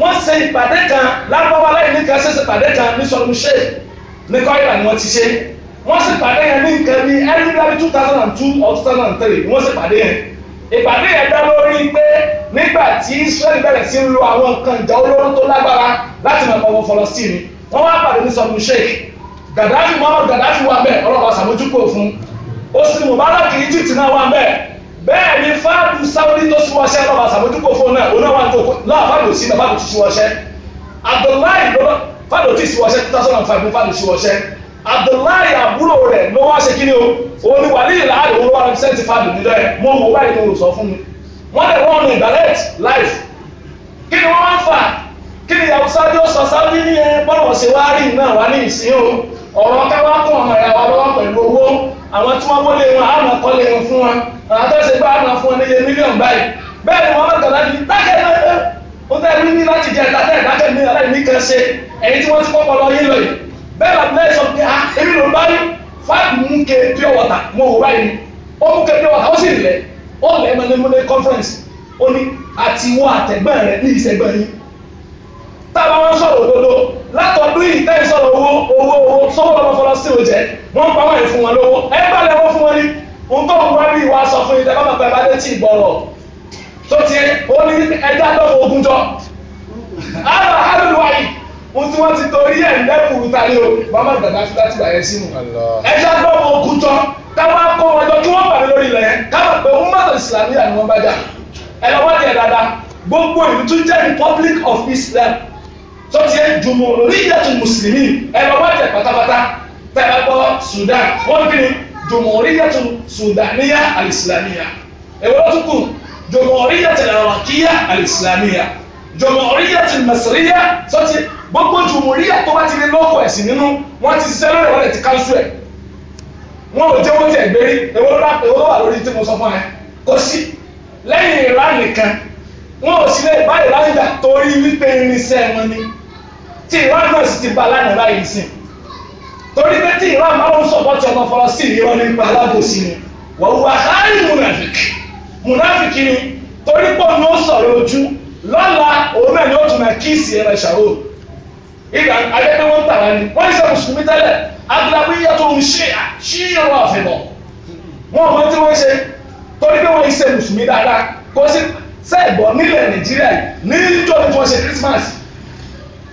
wọ́n ṣe ìpàdé kan lápapọ̀ aláìní kan ṣe ìpàdé kan ní sọlùmùṣe ní kọ́ìlà ni wọ́n ti ṣe wọ́n sì pàdé yẹn ní nǹkan bíi ẹ̀rínlábí two thousand and two or two thousand and three wọ́n sì pàdé yẹn ìpàdé yẹn dá lórí pé nígbà tí Israẹli bẹ̀rẹ̀ sí ń lo àwọn nǹkan ìjà olóró tó lágbára láti mọ̀ ọ̀wọ̀ fọlọ́sítìnì wọ́n wá pàdé ní sọlùmùṣe Gaddafi Muhammad Gaddafi wà bẹ́ẹ̀ ọlọ́pàá sàmójúkò fún oṣù mubarak yìí títì náà wà ń bẹ́ẹ̀ bẹ́ẹ̀ ni fadu sáwọ́dí tó sún ọṣẹ́ lọ́ba sàmójúkò fún náà òun náà wà ń fadu láà fáàdù sí bàbá kò sún ọṣẹ́ abdullahi lọ́ba fáàdù tí sún ọṣẹ́ two thousand and five fáàdù sún ọṣẹ́ abdullahi àbúrò rẹ̀ ló wá ṣe kíni o òun ni wàlíì láàrin òun ló wà sẹ́ǹtì fáàdù nílẹ̀ mọ́ mo báyìí mo sọ fún mi wọ́n lè wọ́n ní ìgbàlẹ́t life kí ni wọ́n wá fà kí ni yàwùsá yóò sọ sáwọ́dí ní ẹ bọ́lọ̀ ṣe wá rí náà wá o ọ̀rọ̀ káwá fún ọmọ ìyá wa lọ́wọ́ pẹ̀lú owó àwọn tí wọ́n wọlé wọn àwọn kọ́lé wọn fún wọn àwọn àtẹ́sẹ̀ gbá àwọn fún wọn níye mílíọ̀nù báyìí bẹ́ẹ̀ ni wọ́n mẹ́tọ̀ọ́ láti dákẹ́ lẹ́gbẹ́ ó fẹ́ rí ní láti jẹ ìdákẹ́ ìdákẹ́ ní aláìní kan ṣe èyí tí wọ́n ti kọ́kọ́ lọ yín lọ bẹ́ẹ̀ bá bẹ́ẹ̀ sọ pé ah, èmi ló bá rí mú ke pure water mo wò báyìí ó mú ke pure water ó sì lẹ̀ ó lẹ̀ conference ó ní àtiwọ́ àtẹ̀gbọ́n tábà wọn sọ̀rọ̀ òdodo látọ̀dún yìí tẹ́ sọ̀rọ̀ owó owó owó sọ́wọ́ lọ́wọ́ fọlọ́ sí òjẹ́ wọ́n pa wọ́n fún wọn lówó ẹ bá lẹ́wọ́ fún wọn ní nǹkan òkúra bí ìwà sọ fún ìtẹ́ bàbá bàbá tí ì tó ti ó ní ẹja lọ́wọ́ ogun jọ ara hàlùlù wáyé ohun tí wọ́n ti torí ẹ̀ lẹ́kùrú tari o bàbá bàbá ti dá tìgbà yẹn sínú ẹja lọ́wọ́ ogun jọ táwọn akọ wọn jọ kí wọ́n ni wọ́n bá jà ẹ̀ lọ́wọ́ ti republic of Islam tó ti ẹ́ jùmọ̀ ríyàtù mùsùlùmí ẹ̀rọ wá jẹ pátápátá bẹ́ẹ̀ bá gbọ́ Sudan wọ́n kí ni jùmọ̀ ríyàtù sudaniya alìsìlámíyà èwo ló tún kù jùmọ̀ ríyàtù ìrànwàkíyà alìsìlámíyà jùmọ̀ ríyàtù mẹsìlíyà tó ti gbogbo jùmọ̀ ríyàtù bá ti ní lọ́kọ̀ ẹ̀sìn nínú wọ́n ti ṣiṣẹ́ lórí wọ́n ti káńsù ẹ̀ wọ́n ò jẹ́wọ́ tẹ̀ gbérí èwo ló wà lórí tí mo sọ fún ẹ kò sí lẹ́yìn ìran nìkan wọ́n ò sí lè bá ìran ìjà torí wípé irinṣẹ́ wọn ni tí ìran náà sì ti gba lánàá báyìí sìn torí pé tí ìran máa ń sọpọ́tì ọmọ fọlọ́sì ìran nípa alábòsí ni wọ́n wá kárí múnàfíkì múnàfíkì ni torí pé òun ó sọ̀rọ̀ ojú lọ́la òun náà ni ó tún máa kíìsì ẹ̀rọ ìṣàwó ìgbà àgbẹ̀dẹ̀ wọn tàwa ni wọ́n ń ṣe mùsùlùmí tẹ́lẹ̀ adúláwí yàtọ̀ òun ṣe àṣírò àfihàn wọn mọ tí wọ́n ṣe torí pé wọ́n ń ṣe mùsùlùmí dáadáa kó sí sẹ́ẹ̀bọ̀ nílẹ̀ Nàìjíríà níjọ́ ni wọ́n Christmas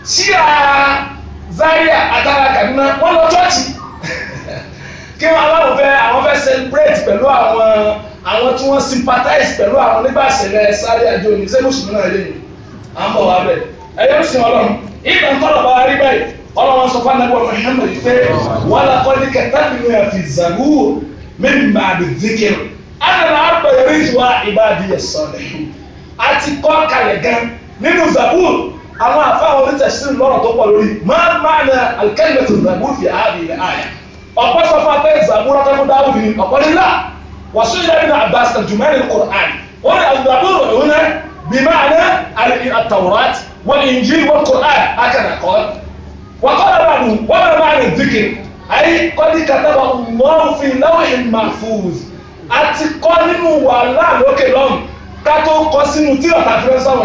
síra Zaria àtàrà Kaduna wọ́n lọ chọ́ọ̀chì kí wọ́n aláwọ̀ fẹ́ àwọn fẹ́ celebrate pẹ̀lú àwọn àwọn tí wọ́n sympathize pẹ̀lú àwọn nígbà ìṣẹ̀lẹ̀ Zaria jọ ní sẹ́nu sùnmù náà lé ní à ń bọ̀ wá bẹ̀ ẹ̀yẹ́ sùn ọlọ́run ìgbà ń tọ́lọ̀ bá rí báyìí ọlọ́run sọ fún anábọ̀ Muhammad pé wọ́n lọ kọ́ ní kẹtàkùnrin àfi Zabur mímà àdìdíkìrì ànàlà àbẹ̀rẹ̀ ìwà ìbàdí ẹ̀sán àti kọ́ kalẹ̀ gan nínú Zabur àwọn àfáwọn onítẹ̀sí lọ́rọ̀ tó pọ̀ lórí máa máa na alikẹ́lẹ́tò zabur fi ààbì ilẹ̀ àyà ọ̀pọ̀ sọfà pé zabur akẹ́kọ̀ọ́ dáhùn ní ọ̀pọ̀ nílá wọ́n sún ilẹ̀ nínú abbas na jùmọ́ ní qur'an wọ́n ní zabur òun bí máa na àtàwùrát wọ́n injil wọ́n qur'an akẹ́nà kọ́ wọ́n kọ́ lọ́ba nù wọ́n bẹ̀rẹ̀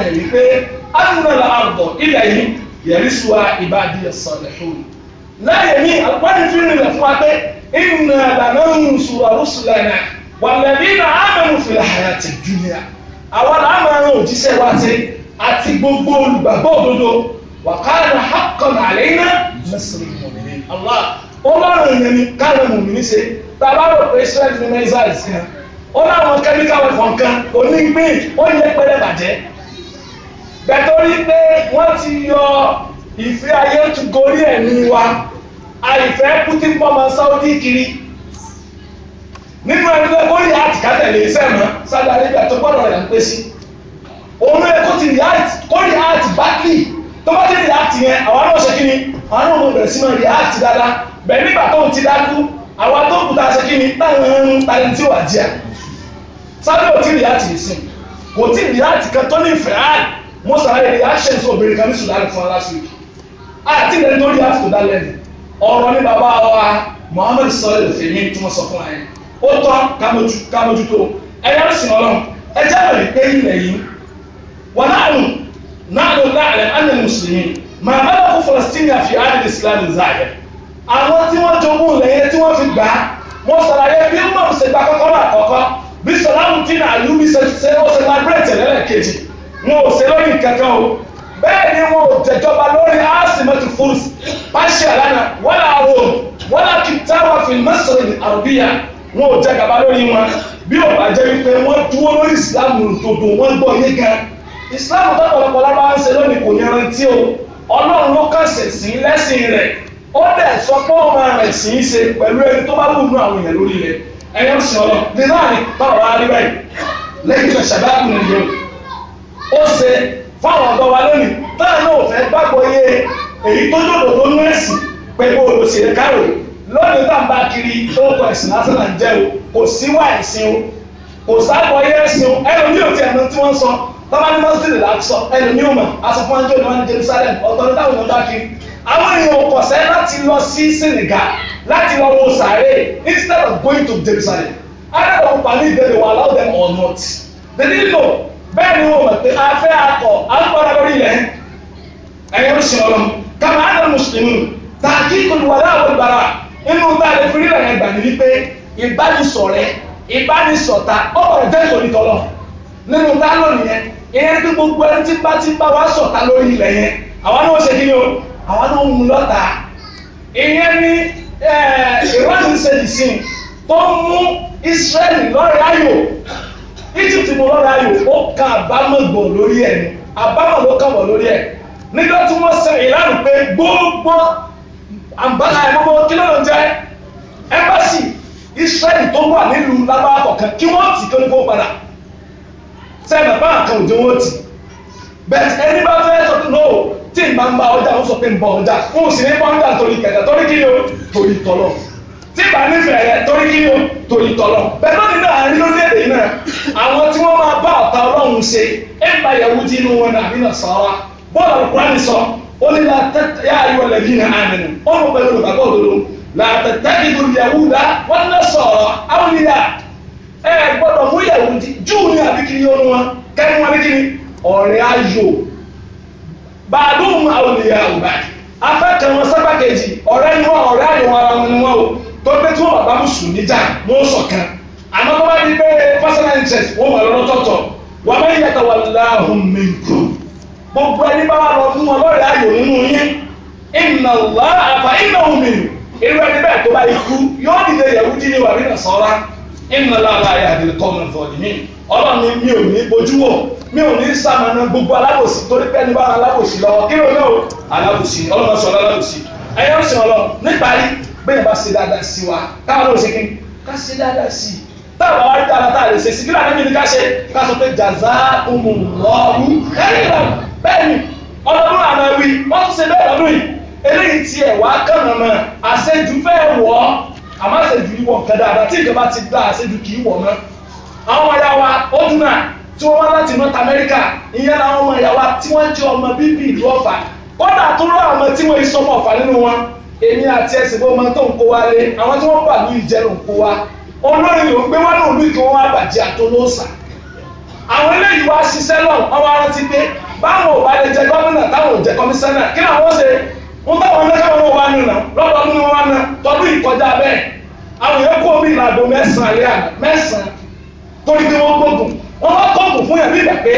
máa ní zikir annal ardo ilẹ̀ yìí yẹrí suwa ìbàdí salihun láyé ní àlùfáàdì fi rìnlẹ̀ fún wa pé inna lanansu rusulana walladina amanu fil hayati dunya àwọn àmàrà òjíṣẹ́ wa ti àti gbogbo olùgbàgbọ́ òdodo wa kana haqqan alaina nasrul mu'minin Allah ó lọ́rùn ìyẹn ni káàrọ̀ mùmìnì ṣe tàbá rò pé israel ní nàìjíríà sí i ó láwọn kẹ́míkà wẹ̀fọ̀n kan onígbìn ó yẹ pẹ́rẹ́ bàjẹ́ bẹ̀tọ́rí pé wọ́n ti yọ ìfẹ́ ayé tu gorí ẹ̀mí wa àìfẹ́ kútí pọ́mọ sáwọ́dí kiri nínú ẹni pé ó yà àtìká tẹ̀lé iṣẹ́ mọ́ Saudi Arabia tó gbọ́dọ̀ rẹ̀ ń pè sí òun ẹ̀ kó ti react kó react badly tó bá ti react yẹn àwọn náà ṣe kíni àwọn náà mo bẹ̀rẹ̀ sí máa react dáadáa bẹ̀ẹ́ nígbà tó ń ti dákú àwọn tó kù tá a ṣe kíni táwọn ń tani tí ó wà díẹ̀ Saudi ò ti react yìí sìn kò ti react kan tó ní fẹ́ràn Most of the actions obìnrin kan ní sudan fún wa last week I think àti ilẹ̀ nítorí àtìkò dálẹ̀ ni ọ̀rọ̀ ní bàbá wa Muhammad sọ̀rọ̀ fèmí tí wọ́n sọ fún wa yẹn ó tọ́ kámojútó ẹ̀yà sìn ọlọ́run ẹ jẹ́ àbẹ̀rẹ̀ pé ilẹ̀ yìí wọn náà nù náà ló láàrin ánà mùsùlùmí màá bá kó Palestine àfi àdìdì Islam zayẹ àwọn tí wọ́n jogún ilẹ̀ yẹn tí wọ́n fi gbà á mo sàlàyé bí mọ̀ ṣe gba kọ́kọ́rọ́ àkọ́kọ́ bí sọ̀rọ̀ àmùtí náà yú bí ṣe ó ṣe celebrate lẹ́lẹ́kejì wọn ò ṣe lórí kankan o bẹ́ẹ̀ ni wọn ò tẹ̀jọba lórí asimẹ́tì fúrúsì pàṣẹ àlànà wọ́lá àwọn wọ́lá kìtàwá fi mẹ́sàn-án àrùbíyà wọn ò jẹ́ gàba lórí wọn bí ò bá jẹ́ wípé wọ́n dúró lórí ìsìlámù tòdò wọ́n gbọ́ yé gan ìsìlámù tọ́pọ̀lọpọ̀ lábá ń ṣe lónìí kò yanrantí o ọlọ́run ló kàṣẹ̀ sí lẹ́sìn rẹ̀ ó dẹ̀ sọ pé ó máa rẹ̀ sí í ṣe pẹ̀lú ẹni tó bá wùnú àwọn èèyàn lórí rẹ̀ ẹ̀yọ́ sọ̀rọ̀ ní láàrin báwo wá rí báyìí lẹ́yìn tó ṣàbá kùnú yìí ó ṣe fáwọn ọ̀dọ́ wa lónìí táà náà fẹ́ gbàgbọ́ iye èyí tó dòdò tó nú ẹ̀sìn pé kó o ṣe káwé lónìí tá n bá kiri orúkọ ẹ̀sìn lásán là ń jẹ́ o kò síwá ẹ̀sìn o kò sáàbọ̀ iye ẹ̀sìn o ẹlòmíì ò tiẹ̀ mọ tí wọ́n sọ tọ́ba ní mọ́sídìrì là ń ní Jerusalem ọ̀tọ̀ ní táwọn ọ̀dọ́ kiri àwọn èèyàn ò kọ̀sẹ́ láti lọ sí Senegal láti instead of going to Jerusalem adájọ́ kò pàmì ìbéèrè wà allow them or not they didn't know bẹ́ẹ̀ ni wọ́n mọ̀ pé afẹ́ akọ akọ́ra lórí ilẹ̀ ẹ̀yẹ́ ń sìn ọlọ́run kàmá àná mùsùlùmí tààkì kòlùwàlà àwòlùbàrà inú bá a lè fi rírà yẹn gbà ní wípé ìbánisọ̀rẹ́ ìbánisọ̀ta ọ̀pọ̀lọpọ̀ jẹ́ ìsòrí tọ́lọ̀ nínú tá lónìí yẹn ìyẹn pé gbogbo ẹni tí pátípá wá sọ̀ta lórí ilẹ̀ yẹn àwọn náà ṣe kí ni o àwọn náà ń mú lọ́ta ìyẹn ní ìwádìí egypt mo lọ́ra ayò ó ka àbámọ̀ gbọ̀n lórí ẹ̀ ni àbámọ̀ ló kà wọ́n lórí ẹ̀ nígbà tí wọ́n sẹ ìlànà pé gbogbo àǹbára ẹ̀ gbogbo kí ló ń jẹ́ ẹ́mbásì israẹli tó wà nílùú lágbára kọ̀ọ̀kan kí wọ́n tì kí wọ́n padà sẹ́ẹ̀ bàbá àkàn òjò wọn tì bẹ́ẹ̀ ẹni bá fẹ́ sọ no tí n bá ń bá ọjà ó sọ pé n bá ọjà n ò ní bá ọjà torí kẹta torí kí ni torí tọ́lọ̀ tí bá nífẹ̀ẹ́ rẹ torí kí o torí tọ̀lọ̀ bẹ́ẹ̀ lónìí náà àárín lórílẹ̀-èdè yìí náà àwọn tí wọ́n máa bá ọ̀tá ọlọ́run ṣe ẹ̀ ń bá Yahudi inú wọn nàbí náà sọ́ra bọ́ọ̀lù àlùkùránì sọ ó ní yá ayọ̀ lẹ́bí ní àmínú ó mọ̀ pẹ̀lú olùgbàgbọ́ òdodo làtẹ̀tẹ̀ ìdúró Yahuda wọ́n ná sọ̀rọ̀ àwọn ìyá ẹ̀ gbọ́dọ̀ mú Yahudi Júù ní àbíkiri ọ̀nù wọn kẹ́ni wọn bíkiri ọ̀rẹ́ ayò bàdúùmù àwọn ìyá ọ̀gbà afẹ́kẹ́ wọn sábà kejì ọ̀rẹ́ ni wọn ọ̀rẹ́ àyẹ̀wò ara wọn ni wọn o. tó tí wọ́n bá mùsùlùmí jà wọ́n sọ̀ kan àmọ́ personal interest wọ́n wà lọ́rọ́ tọ̀tọ̀ wà bẹ́ẹ̀ yàtọ̀ wà láhùn mi kú gbogbo ẹni bá wà lọ fún wọn lọ́rẹ̀ nínú yín ìnà wà àfà ìnà omi irú ẹni bẹ́ẹ̀ tó bá ikú yóò dìde wà ìnà ayé àdìrẹ́kọ́ mi mi ọlọ́ni mi ò ní bẹ́ẹ̀ bá ṣe dáadáa sí wa káwọn náà ṣe kí ká ṣe dáadáa sí i táwọn wá dára tá a lè ṣe sí kíláà níbi ní ká ṣe ká sọ pé jàzá òmù lọ́ọ̀rù ẹ̀yìn lọ bẹ́ẹ̀ ni ọlọ́dún àná wí wọ́n tún ṣe bẹ́ẹ̀ lọ́dún yìí eléyìí tiẹ̀ wá kànnà mọ́ àṣejù fẹ́ẹ́ wọ̀ ọ́ àmọ́ àṣejù yìí wọ̀ nǹkan dáadáa tí ìjọba ti dá àṣejù kì í wọ̀ mọ́ àwọn ọmọ yàwá ó dún náà tí wọ́n wá láti North America ìyẹn làwọn ọmọ yàwá tí wọ́n jẹ́ ọmọ bíbí ìlú Ọ̀fà kódà tó rọ àwọn tí wọ́n ìsọmọ Ọ̀fà nínú wọn èmi àti ẹsìn kó máa tó ń kó wa lé àwọn tí wọ́n bà ní ìjẹun ń wa olórin ló ń gbé wá lòlú kí wọ́n wá bàjẹ́ àtolóòsà àwọn eléyìí wá ṣiṣẹ́ lọ wọ́n wá ti pé báwọn ò bá lè jẹ gómìnà táwọn ò jẹ kọmíṣánná kí làwọn ṣe ń tọ́wọ́ omi mẹ́sàn-án àná mẹ́sàn-án torí pé wọ́n gbógun wọ́n wá fún yàrá pé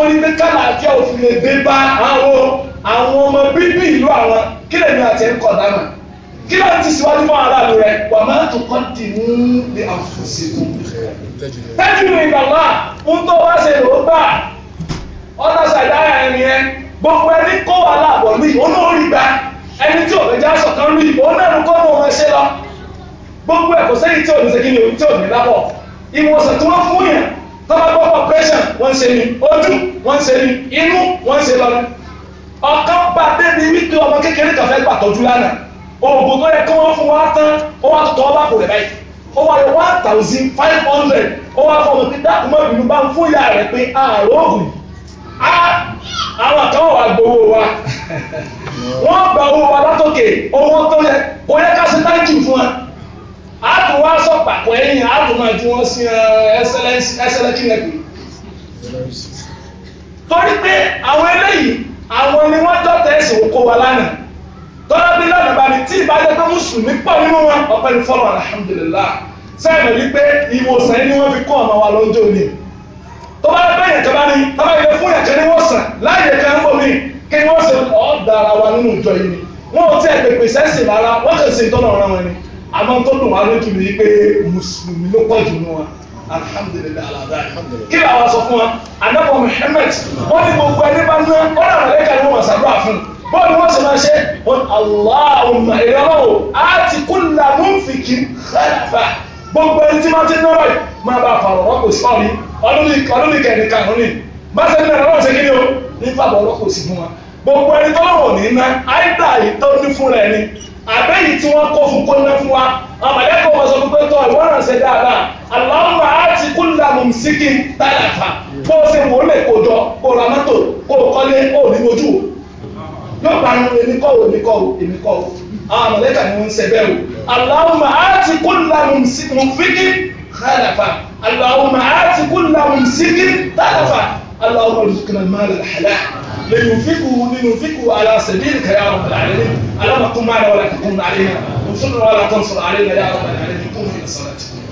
torí pé kálàáfíà ò fi lè dé bá àwọn àwọn ọmọ bíbí ìlú àwọn kí lèmi àti ẹ̀ dáná kí ló ti síwájú mọ́ aráàlú rẹ̀ wà máa tún kọ́ dì mú ní àfòsíkú. tẹ́jú ní ìgbàgbọ́ ń tó wá ṣe ló gbà ọ̀tá ṣàdáyà ẹni ẹ gbogbo ẹni kó wà láàbọ̀ ní olórí gba ẹni tí òbẹ̀já sọ̀kan rí ìbò náà kọ́ mọ́ ọmọ ẹṣẹ́ lọ gbogbo ẹ̀kọ́ sẹ́yìn tí òbí ṣe kí ni òbí tí òbí lábọ̀ ìwòsàn tí wọ́n fún yàn tọ́ba operation wọ́n ṣe ni ojú wọ́n ṣe ni inú wọ́n ṣe lọ́nà ọ̀kan pàdé ni wípé ọmọ kékeré kan fẹ́ gbàtọ́jú lánàá oògùn tó yẹ kí wọ́n fún wa tán ó wà tó tọ́ bá kò rẹ̀ báyìí ó wà lọ one thousand five hundred ó wà fọwọ́ pé dákúmọ́ ìlú bá ń fún ìyá rẹ̀ pé ààrùn ògùn á àwọn kan wà gbowó wa [LAUGHS] wọ́n gba owó wa látòkè owó tó yẹ kó yẹ ká ṣe táǹkì fún wa a tún wá sọ pàpọ̀ ẹ̀yìn a tún máa ju wọn sí ẹsẹ̀lẹ́kì nẹ́gbẹ̀ẹ́ torí pé àwọn eléyìí àwọn ni wọ́n jọ tẹ̀sí òkú wa lánàá tọ́lá bí lọ́nà bá ní tí ìbájẹ́ pé mùsùlùmí pọ̀ nínú wọn ọpẹ́ ní fọ́lọ́ alhamdulillah sẹ́ẹ̀mù wípé ìwòsàn ni wọ́n fi kọ́ ọmọ wa lọ́jọ́ òní tó bá bẹ́ẹ̀ yẹn kaba ni tọ́ba yẹ fún yẹn kan ní wọ́n sàn láàyè kan ń bọ̀ mí kí wọ́n sọ ọ́ dára wa nínú ìjọ yìí ni wọ́n ò tí ẹ̀ pèpè sẹ́sìn rárá wọ́n kàn sí ìtọ́nà ọ̀ràn wọn ni àmọ́ tó dùn wá lójú mi pé mùsùlùmí ló pọ̀ jù wọn alhamdulilayi alada kí ni àwọn sọ fún wa anabi muhammed wọn ni gbogbo ẹni bá ná wọn náà mọlẹka ni wọn wà sàdúrà fún bọ́ọ̀lù wọn sì máa ṣe wọn aláwọ̀ ìrọ̀lọ́wọ̀ àti kúlà múnfìkì xẹ́fà gbogbo ẹni tí wọ́n ti náwó yìí máa bá fa ọ̀rọ̀ kò sí ọ̀rí ọdún nìkan nìkan ọ̀rún ni báṣẹ́ nínú ẹ̀rọ ṣe kí ni o ní fàbọ̀ ọ̀rọ̀ kò sí fún wa gbogbo ẹni tó lọ́wọ́ ní ná àbẹ́yìí tí wọ́n kó fún kóná fún wa àmàlẹ́kọ̀ọ́ wọn sọ fún pé tọ́ ìwọ́n ràn ṣe dáadáa àlọ́mà á ti kú làmù síkì tàlàfà bó o ṣe wò ó lè kó jọ kó ra mọ́tò kó o kọ́lé kó o ní mojú yóò parun èmi kọ́ o èmi kọ́ o èmi o àwọn àmàlẹ́kà ni wọ́n ń ṣe bẹ́ẹ̀ o àlọ́mà á ti kú làmù síkì tàlàfà àlọ́mà á ti kú làmù síkì tàlàfà àlọ́mà لينفقوا لننفقه على سبيلك يا رب العالمين ألا تكن معنا ولا تقم علينا انصرنا ولا تنصر علينا يا رب العالمين قوموا إلى صلاتكم